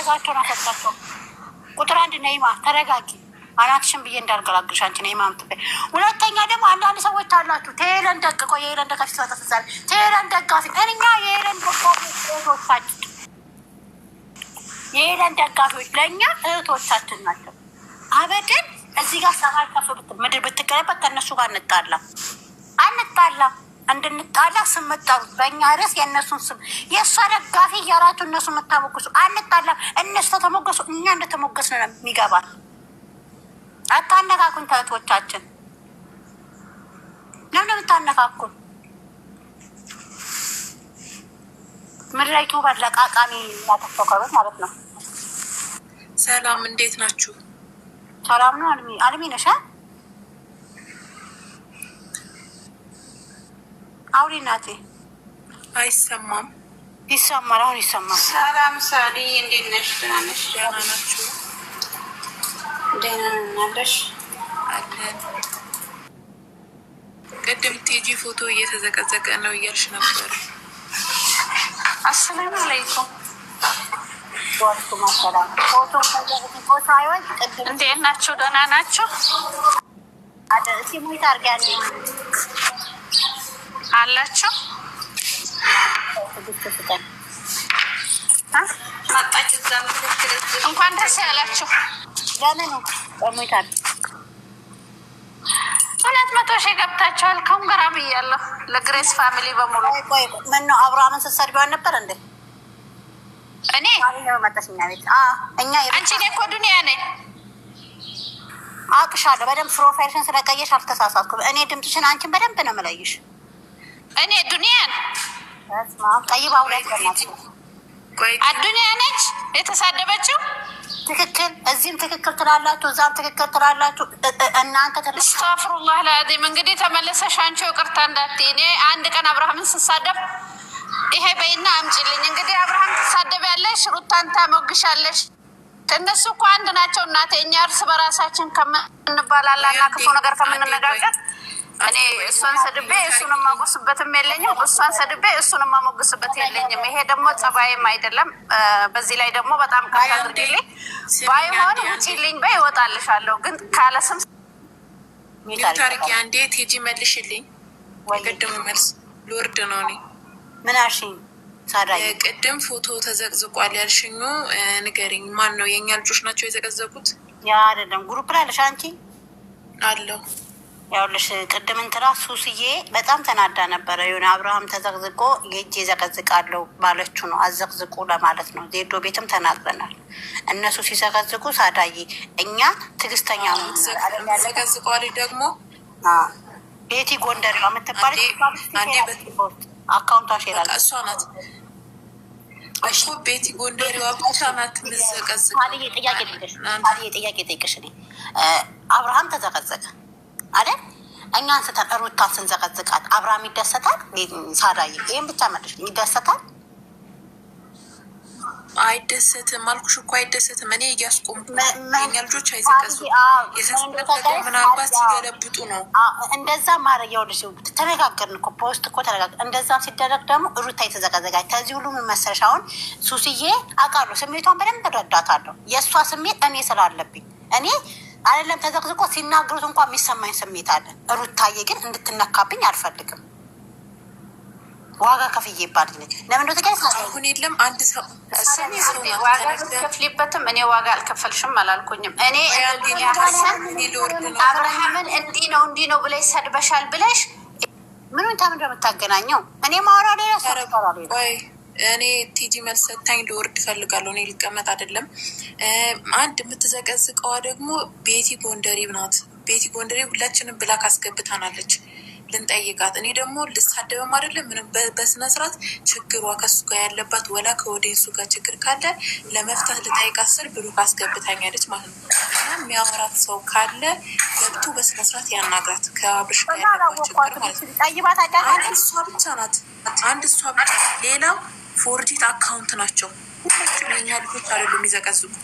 ያረጋቸውን አሰጣቸው። ቁጥር አንድ ነይማ ተረጋጊ፣ አናትሽን ብዬ እንዳልገላግልሽ አንቺ ነይማ ምትበ። ሁለተኛ ደግሞ አንዳንድ ሰዎች አላችሁ ቴለን ደቅቆ የሄለን ደጋፊ ተሳተፍዛል ቴለን ደጋፊ እኛ የሄለን ቶቻች የሄለን ደጋፊዎች ለእኛ እህቶቻችን ናቸው። አበደን እዚህ ጋር ሰማይ ከፍ ምድር ብትገለበት ከእነሱ ጋር እንጣላ አንጣላ እንድንጣላ ስም የምታወሩት በእኛ ርዕስ የእነሱን ስም የእሷ ደጋፊ እያራችሁ እነሱ የምታሞገሱ አንጣላ። እነሱ ተተሞገሱ እኛ እንደተሞገስ ነው የሚገባል። አታነካኩን። ተህቶቻችን ለምን የምታነካኩን? ምድራዊቱ በለቃቃሚ ያተፈከሩት ማለት ነው። ሰላም እንዴት ናችሁ? ሰላም ነው። አልሚ አልሚ ነሻ አውሪ እናቴ። አይሰማም? ይሰማል። አሁን ይሰማል። ሰላም ሳሊ፣ እንዴት ነሽ? ደህና ነሽ? ደህና ናችሁ? ደህና ናለሽ? አለን። ቅድም ቲጂ ፎቶ እየተዘቀዘቀ ነው እያልሽ ነበር። አሰላም አለይኩም። እንዴት ናችሁ? ደህና ናችሁ? ሲሙት አርጋለኝ ያላቸው እንኳን ደስ ያላችሁ። ሁለት መቶ ሺህ ገብታችኋል። ኮንግራ ብያለሁ ለግሬስ ፋሚሊ በሙሉ። ምነው አብርሃምን ስትሰድቢዋን ነበር እንዴ? እኔ አንቺ እኔ እኮ ዱኒያ ነኝ አውቅሻለሁ። በደንብ ፕሮፋይልሽን ስለቀየሽ አልተሳሳትኩም። እኔ ድምፅሽን አንቺን በደንብ ነው የምለይሽ። እኔ ዱኒያን አዱኒያ ነች የተሳደበችው። ትክክል እዚህም ትክክል ትላላችሁ፣ እዛም ትክክል ትላላችሁ። እናንተ አስተፍሩላህ ላዚም እንግዲህ ተመለሰሽ አንቺ ይቅርታ እንዳትዪ። እኔ አንድ ቀን አብርሃምን ስሳደብ ይሄ በይና አምጪልኝ። እንግዲህ አብርሃም ትሳደብ ያለሽ ሩታን ታሞግሻለሽ። እነሱ እኮ አንድ ናቸው እናቴ። እኛ እርስ በራሳችን ከምንባላላ ክፉ ነገር ከምንነጋገር እኔ እሷን ሰድቤ እሱን የማጎስበትም የለኝም። እሷን ሰድቤ እሱን የማሞግስበት የለኝም። ይሄ ደግሞ ጸባይም አይደለም። በዚህ ላይ ደግሞ በጣም ካል ባይሆን ውጪልኝ በይ እወጣልሻለሁ። ግን ካለ ስም ታሪክ አንዴ ቴጂ መልሽልኝ። ቅድም መልስ ልወርድ ነው እኔ ምን አልሽኝ? ቅድም ፎቶ ተዘቅዝቋል ያልሽኙ ንገሪኝ። ማን ነው? የእኛ ልጆች ናቸው የዘቀዘቁት? ያ አይደለም ግሩፕ ላለሽ አንቺ አለሁ ያውልሽ ቅድም እንትና ሱስዬ በጣም ተናዳ ነበረ። የሆነ አብርሃም ተዘቅዝቆ የእጄ ዘቀዝቃለሁ ማለችው ነው አዘቅዝቁ ለማለት ነው። ዜዶ ቤትም ተናግረናል። እነሱ ሲዘቀዝቁ ሳዳይ እኛ ትግስተኛ ዘቀዝቋል። ደግሞ ቤቲ ጎንደር ነው የምትባል አካውንቷ ሼላል እሷ ናት እኮ ቤቲ ጎንደሬዋ ብቻ ናት የምትዘቀዝቅ። ጥያቄ ጠይቅሽ አብርሃም ተዘቀዘቀ አይደል? እኛ አንስተን ሩታን ስንዘቀዝቃት አብርሃም ይደሰታል። ሳዳይ ይህም ብቻ መልሽ፣ ይደሰታል አይደሰትም? አልኩሽ እኮ አይደሰትም። እኔ እያስቆምኛ ልጆች አይዘቀዙ ምናልባት ሲገለብጡ ነው እንደዛ ማድረግ ልጅ ተነጋገርን እኮ በውስጥ እኮ ተነጋገር። እንደዛም ሲደረግ ደግሞ ሩታ የተዘቀዘጋች ከዚህ ሁሉ ምን ሱስዬ አውቃለሁ፣ ስሜቷን በደንብ ረዳታለሁ። የእሷ ስሜት እኔ ስላለብኝ እኔ አይደለም ተዘቅዝቆ ሲናገሩት እንኳ የሚሰማኝ ስሜት አለ። ሩታዬ ግን እንድትነካብኝ አልፈልግም። ዋጋ ከፍዬ ባድ ነች። ለምን ደ የለም አንድ ሰው እኔ ዋጋ አልከፈልሽም አላልኩኝም። እኔ አብርሃምን እንዲህ ነው እንዲህ ነው ብለሽ ሰድበሻል ብለሽ ምኑን ታምን እንደምታገናኘው እኔ ማውራ ሌላ ሰ እኔ ቲጂ መልስ ሰታኝ ልወርድ እፈልጋለሁ። እኔ ሊቀመጥ አይደለም። አንድ የምትዘቀዝቀዋ ደግሞ ቤቲ ጎንደሪ ናት። ቤቲ ጎንደሪ ሁላችንም ብላክ አስገብታናለች። ልንጠይቃት እኔ ደግሞ ልሳደብም አይደለም ምንም በስነስርዓት ችግሯ ከሱ ጋር ያለባት ወላ ከወደሱ ጋር ችግር ካለ ለመፍታት ልጠይቃት ስል ብሎ ካስገብታኛለች ማለት ነው። እና የሚያወራት ሰው ካለ ገብቶ በስነስርዓት ያናግራት። ከአብርሽ ጋር ያለባት ችግር ማለት ነው። አንድ እሷ ብቻ ናት፣ አንድ እሷ ብቻ ሌላው ፎርጂት አካውንት ናቸው። ሁላችሁም የኛ ልጆች አይደሉም። የሚዘቀዝቁት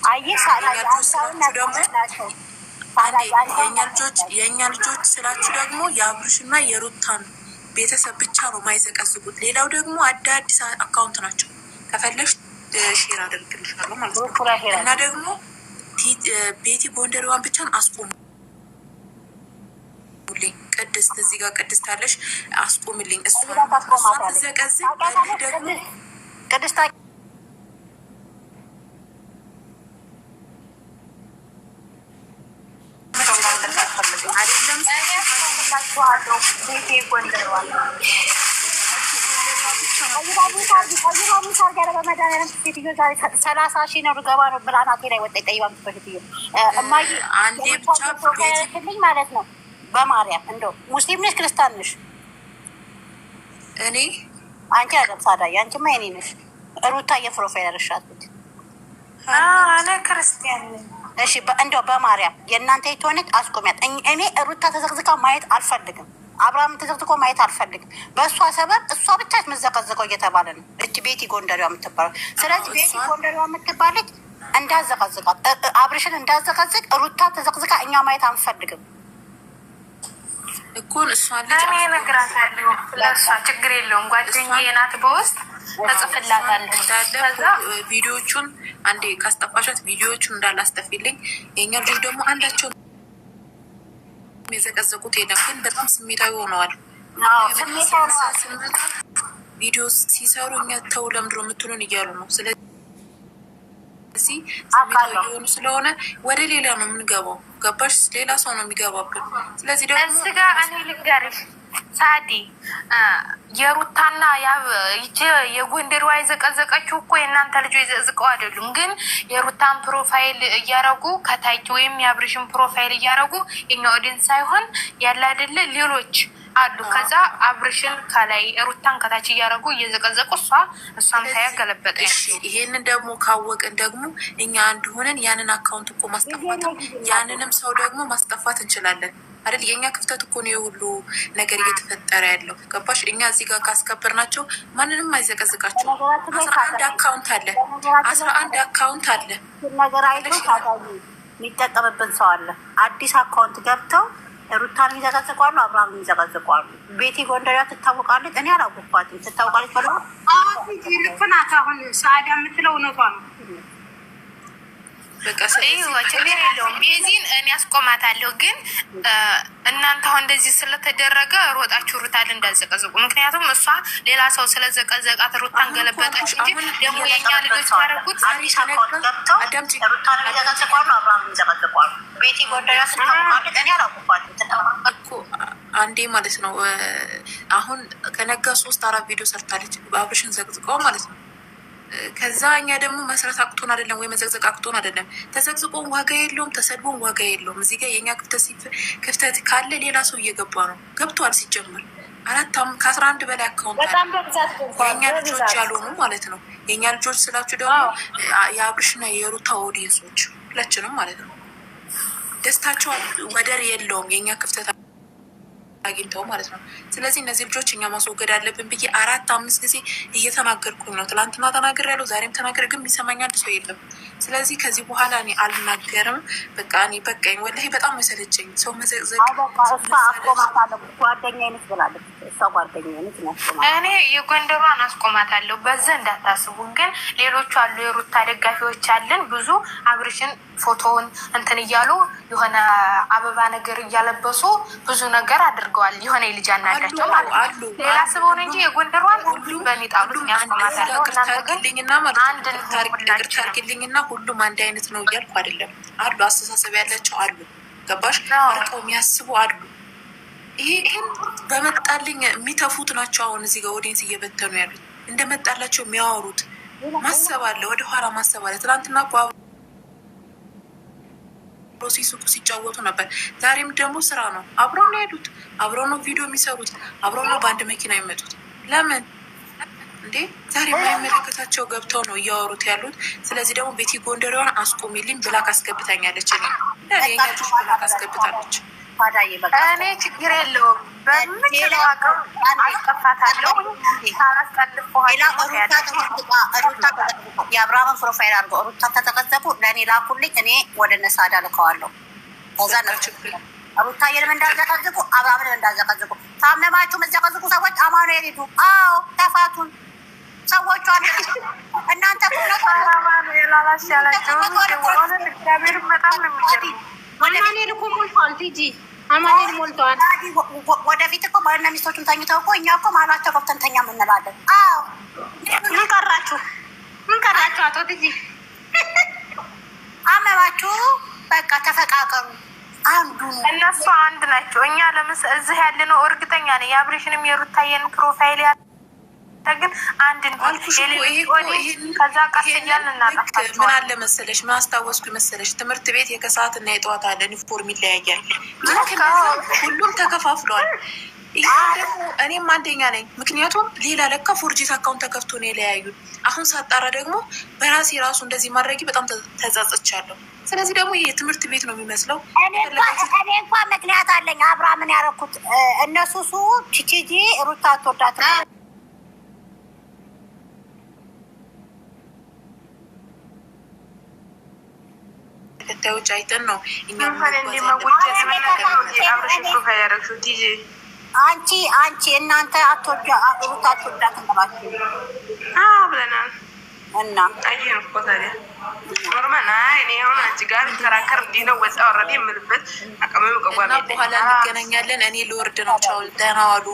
ደግሞ የእኛ ልጆች የእኛ ልጆች ስላችሁ ደግሞ የአብርሽና የሩታን ቤተሰብ ብቻ ነው ማይዘቀዝቁት። ሌላው ደግሞ አደ አዲስ አካውንት ናቸው። ከፈለሽ ሼር አደርግልሻለሁ ማለት ነው። እና ደግሞ ቤቲ ጎንደርዋን ብቻን አስቆሙልኝ። ቅድስት እዚህ ጋር ቅድስት አለሽ፣ አስቆምልኝ እሷ ዘቀዝቅ ደግሞ ቅድስታ አለው ቤቴ ሰላሳ ነው ልገባ ነው ወጣ ጠይባ ምትበልትዮ ማለት ነው። በማርያም ሙስሊም ነሽ ክርስቲያን ነሽ? እኔ አንቺ አይደለም ሳዳዬ፣ አንቺማ ነሽ። ሩታ የፕሮፋይል ርሻት እኔ ክርስቲያን ነኝ እሺ እንደው በማርያም የእናንተ የተሆነች አስቆሚያት። እኔ ሩታ ተዘቅዝቃ ማየት አልፈልግም። አብርሃም ተዘቅዝቆ ማየት አልፈልግም። በእሷ ሰበብ እሷ ብቻ የምዘቀዝቀው እየተባለ ነው። እች ቤቲ ጎንደሪዋ የምትባለው ስለዚህ ቤቲ ጎንደሪዋ የምትባለች እንዳዘቀዝቃት፣ አብርሽን እንዳዘቀዝቅ ሩታ ተዘቅዝቃ እኛ ማየት አንፈልግም እኮን እሷ ልጅ እኔ እነግራታለሁ። ለእሷ ችግር የለውም ጓደኛዬ ናት በውስጥ ተጽፍላታለች። እንዳለ ቪዲዮቹን አንዴ ካስጠፋሻት ቪዲዮቹን እንዳላስጠፊልኝ የኛ ልጆች ደግሞ አንዳቸው የዘቀዘቁት የለም፣ ግን በጣም ስሜታዊ ሆነዋል። ቪዲዮ ሲሰሩ እኛ ተው ለምድሮ የምትሉን እያሉ ነው። ስለዚህ ስሜታዊ የሆኑ ስለሆነ ወደ ሌላ ነው የምንገባው። ገባሽ? ሌላ ሰው ነው የሚገባብን። ስለዚህ ደግሞ እዚህ ጋር እኔ ልንገርሽ ሳዲ የሩታና የጎንደር ዋይ የዘቀዘቀችው እኮ የእናንተ ልጆ የዘቅዝቀው አይደሉም። ግን የሩታን ፕሮፋይል እያረጉ ከታች ወይም የአብርሽን ፕሮፋይል እያረጉ የኛ ኦዲን ሳይሆን ያለ አይደለ ሌሎች አሉ። ከዛ አብርሽን ከላይ ሩታን ከታች እያረጉ እየዘቀዘቁ እሷ እሷም ታያ ገለበጠ። ይሄንን ደግሞ ካወቅን ደግሞ እኛ አንድ ሆነን ያንን አካውንት እኮ ማስጠፋት ያንንም ሰው ደግሞ ማስጠፋት እንችላለን። አይደል? የእኛ ክፍተት እኮ ነው የሁሉ ነገር እየተፈጠረ ያለው ገባሽ? እኛ እዚህ ጋር ካስከበርናቸው ማንንም አይዘቀዝቃቸው። አስራ አንድ አካውንት አለ፣ አስራ አንድ አካውንት አለ። ነገር የሚጠቀምብን ሰው አለ። አዲስ አካውንት ገብተው ሩታን ይዘቀዝቋሉ፣ አብርሃም ይዘቀዝቋሉ። ቤቲ ጎንደሪያ ትታወቃለች። እኔ አላወቅኳትም። ትታወቃለች ልክ ናት። አሁን ሰአዳ የምትለው እውነቷ ነው። ቤዚን እኔ አስቆማታለሁ። ግን እናንተ አሁን እንደዚህ ስለተደረገ ሮጣችሁ ሩታን እንዳዘቀዘቁ። ምክንያቱም እሷ ሌላ ሰው ስለዘቀዘቃት ሩታን ገለበጠች እንጂ ደግሞ የኛ ልጆች ያደረጉት አንዴ ማለት ነው። አሁን ከነጋ ሶስት አራት ቪዲዮ ሰርታለች አብርሽን ዘቅዝቀው ማለት ነው ከዛ እኛ ደግሞ መስራት አቅቶን አይደለም ወይ መዘግዘግ አቅቶን አይደለም። ተዘግዝቆን ዋጋ የለውም፣ ተሰድቦን ዋጋ የለውም። እዚህ ጋር የእኛ ክፍተት ካለ ሌላ ሰው እየገባ ነው ገብቷል። ሲጀምር አራት ከአስራ አንድ በላይ አካውንት የእኛ ልጆች ያልሆኑ ማለት ነው። የእኛ ልጆች ስላችሁ ደግሞ የአብርሽና የሩታ ኦዲየንሶች ሁላችንም ማለት ነው። ደስታቸው ወደር የለውም። የእኛ ክፍተት አግኝተው ማለት ነው። ስለዚህ እነዚህ ልጆች እኛ ማስወገድ አለብን ብዬ አራት አምስት ጊዜ እየተናገርኩኝ ነው። ትላንትና ያለው ዛሬም ተናገር ግን የሚሰማኝ አንድ ሰው የለም። ስለዚህ ከዚህ በኋላ እኔ አልናገርም። በቃ እኔ በቃኝ፣ ወላሂ በጣም መሰለቸኝ። ሰው መዘቅዘቅ እኔ የጎንደሯን አስቆማታለሁ። በዛ እንዳታስቡን፣ ግን ሌሎቹ አሉ፣ የሩታ ደጋፊዎች አለን ብዙ አብርሽን ፎቶውን እንትን እያሉ የሆነ አበባ ነገር እያለበሱ ብዙ ነገር አድርገዋል። የሆነ የልጅ አናጋቸው ማለት ነው። ሌላ ስበውን እንጂ የጎንደሯን ሁሉም በሚጣሉት ያስቆማታለሁ። እናንተ ግን አንድ ታርግልኝና ሁሉም አንድ አይነት ነው እያልኩ አይደለም። አሉ አስተሳሰብ ያላቸው አሉ፣ ገባሽ አርቀው የሚያስቡ አሉ። ይሄ ግን በመጣልኝ የሚተፉት ናቸው። አሁን እዚህ ጋር ኦዲየንስ እየበተኑ ያሉት እንደመጣላቸው የሚያወሩት ማሰብ አለ፣ ወደ ኋላ ማሰብ አለ። ትናንትና አብሮ ሲስቁ ሲጫወቱ ነበር። ዛሬም ደግሞ ስራ ነው። አብረው ነው ያሉት፣ አብረው ነው ቪዲዮ የሚሰሩት፣ አብረው ነው በአንድ መኪና የሚመጡት። ለምን እንዴ ዛሬ የማይመለከታቸው ገብተው ነው እያወሩት ያሉት። ስለዚህ ደግሞ ቤቲ ጎንደሪዋን አስቆሚልኝ ብላክ አስገብታኛለች። ካስገብታኛለች። ኛቶች ብላክ አስገብታለች። እኔ ችግር የለውም የአብርሃምን ፕሮፋይል አድርገው ሩታ ተተቀዘቡ ለእኔ ላኩልኝ። እኔ ወደ ነሳዳ ልከዋለሁ። ከዛ ሩታ የንም እንዳዘቀዝቁ አብርሃምን እንዳዘቀዝቁ ታመማችሁ መዘቀዝቁ ሰዎች አማኑ ሂዱ። አዎ ተፋቱን። ሰዎቹ እናንተ ወደፊት እኮ ባልና ተኝተው እኮ እኛ እኮ ገብተን ተኛ አዎ ምን ቀራችሁ? ምን ቀራችሁ? አቶ ትጂ አመባችሁ። በቃ ተፈቃቀሩ። አንዱ እነሱ አንድ ናቸው። እኛ ለምስ እዚህ ያለ ነው። እርግጠኛ ነኝ የአብሬሽንም የሩታየን ፕሮፋይል መታ ግን አንድ ምን አለ መሰለሽ፣ አስታወስኩ መሰለሽ፣ ትምህርት ቤት የከሰዓት እና የጠዋት አለ ዩኒፎርም ይለያያል። ሁሉም ተከፋፍሏል እኔም አንደኛ ነኝ። ምክንያቱም ሌላ ለካ ፎርጂት አካውንት ተከፍቶ ነው የለያዩን። አሁን ሳጣራ ደግሞ በራሴ ራሱ እንደዚህ ማድረጊ በጣም ተጸጽቻለሁ። ስለዚህ ደግሞ ይህ ትምህርት ቤት ነው የሚመስለው። እኔ እንኳ ምክንያት አለኝ አብራምን ያረኩት እነሱ ሱ ቺቺጂ ሩታ ትወዳት ተከታዮች አይተን ነው እኛ አንቺ አንቺ እናንተ አቶጃ አቶታችሁ እንዳትነባችሁ ብለናል እና ኖርማል እኔ አሁን አንቺ ጋር ተከራከር እንዲህ ነው ወጣ ወረድ የምልበት አቀመ በኋላ እንገናኛለን። እኔ ልወርድ ነው። ቻው ደህና ዋሉ።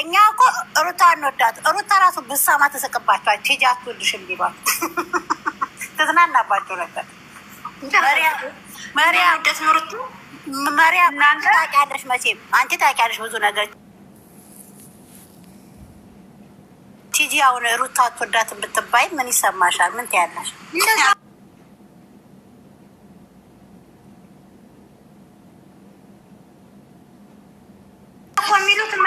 እኛ እኮ ሩታ እንወዳት። ሩታ ራሱ ብሳማ ተሰቅባቸዋል። ሂጂ አትወድሽም ቢሏል ትዝናናባቸው ነበር። መሪያም አንቺ ታውቂያለሽ፣ መቼም አንቺ ታውቂያለሽ ብዙ ነገር። አሁን ሩታ አትወዳትም ብትባይ ምን ይሰማሻል? ምን ትያለሽ?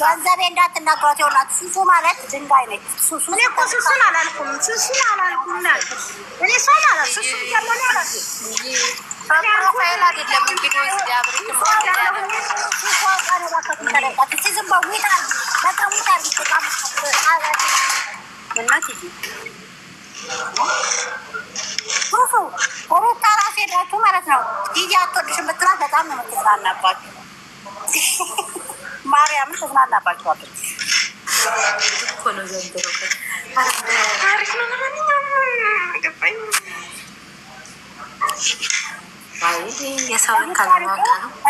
ገንዘቤ እንዳትናገሯት። ይኸውላችሁ ሱሱ ማለት ድንጋይ ነች። ሱሱን አላልኩም፣ ሱሱን አላልኩም። እኔ እሷን አላልኩም። ሱሱ ሩታ ራሱ ሄዳችሁ ማለት ነው። ይህ አትወድሽም ብትላት በጣም ነው የምትዝናናባችሁ። ማርያምን ትዝናናባችኋለች።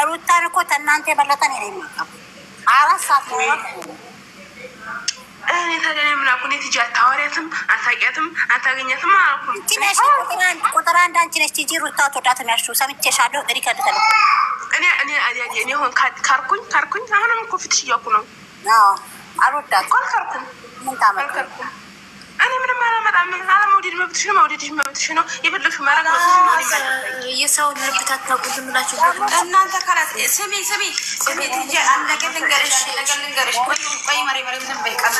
ሩታን እኮ ተእናንተ የበለጠን የማቀ አራት ሰዓት ነው እኔ ታዲያ ምን አልኩ? እኔ አታወሪያትም፣ አታውቂያትም፣ አታገኛትም አልኩ። ቁጥር አንድ አንቺ ነሽ ቲጂ ሩታ አትወዳትም ያልሺው ሰምቼሻለሁ። እኔ እኔ እኔ ሆን ካልኩኝ ካልኩኝ አሁንም እኮ ፊትሽ እያልኩ ነው። አልወዳትም ካልኩኝ ምን ታመጣ አለመውደድ መብትሽ ነው። መውደድሽ መብትሽ ነው። የፈለግሽ ማድረግ የሰውን ልብታት ነው ምላችሁ እናንተ ካላት ስሜ ስሜ ስሜ ትጀ ነገር ልንገርሽ ነገር ልንገርሽ ቆይ መሪ መሪ ምንም በይ ቃል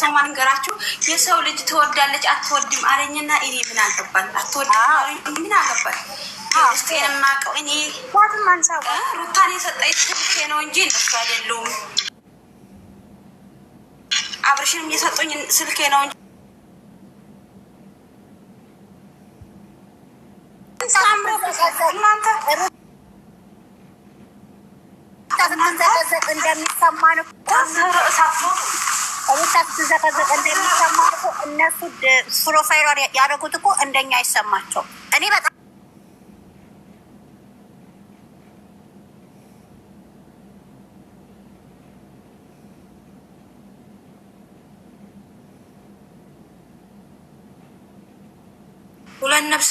ስማ ልንገራችሁ የሰው ልጅ ትወዳለች አትወድም አለኝና እኔ ምን አልገባል አትወድም ምን አልገባል ውስጤ ማቀው እኔ ዋትም አንሳው ሩታን የሰጠኝ ትብቴ ነው እንጂ እነሱ አይደሉም። አብርሽንም የሰጡኝ ስልኬ ነው እንጂ እናንተ እንደሚሰማን ሩታ እነሱ ፕሮፋይሏን ያደረጉት እኮ እንደኛ አይሰማቸው። እኔ በጣም ሁለት ነፍስ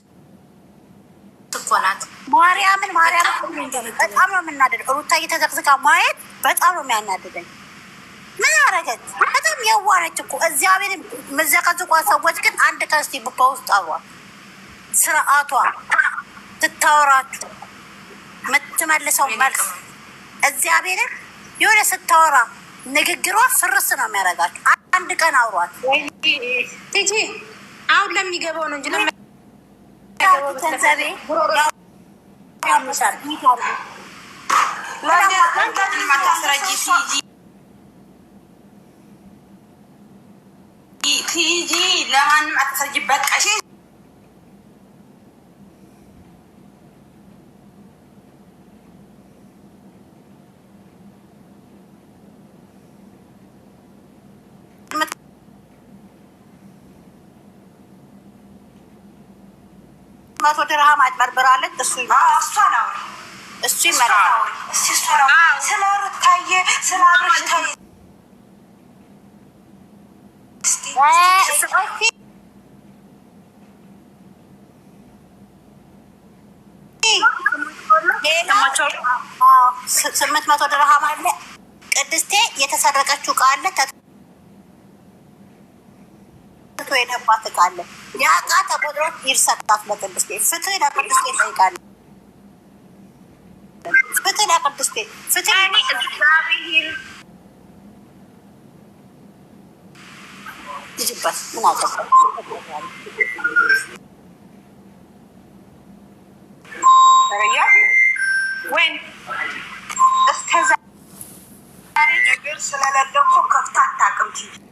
ማርያምን ማርያምን በጣም ነው የምናደድ። ሩታ እየተዘቅዝቃ ማየት በጣም ነው የሚያናድደኝ። ምን አረገች? በጣም የዋረች እኮ እግዚአብሔር መዘቀዝቋ። ሰዎች ግን አንድ ከስቲ በውስጥ አሏ ስርዓቷ ስታወራችሁ የምትመልሰው መልስ እግዚአብሔርን የሆነ ስታወራ ንግግሯ ፍርስ ነው የሚያደርጋችሁ። አንድ ቀን አውሯት ቲጂ አሁን ለሚገባው ነው እንጂ ለ ገንዘቤ ያመሻል። ቲጂ ለማንም አታስረጂ። በቃ መቶ ድርሃም አጭበርብራለች። እሱ እሷ ነው እሱ ይመለሳል። ስለ ሩታዬ ስምንት መቶ ድርሃም አለ ቅድስቴ የተሰረቀችው ቃለ የሄደባት እቃለ ያ እቃ ተቆጥሮ ይርሰጣት ለቅድስቴ ፍትህ ለቅድስቴ ጠይቃለ ፍትህ ለቅድስቴ ፍትህ ልጅበት ምን አገባ ወይም እስከዛ ነገር ስለሌለ እኮ ከፍታ አታውቅም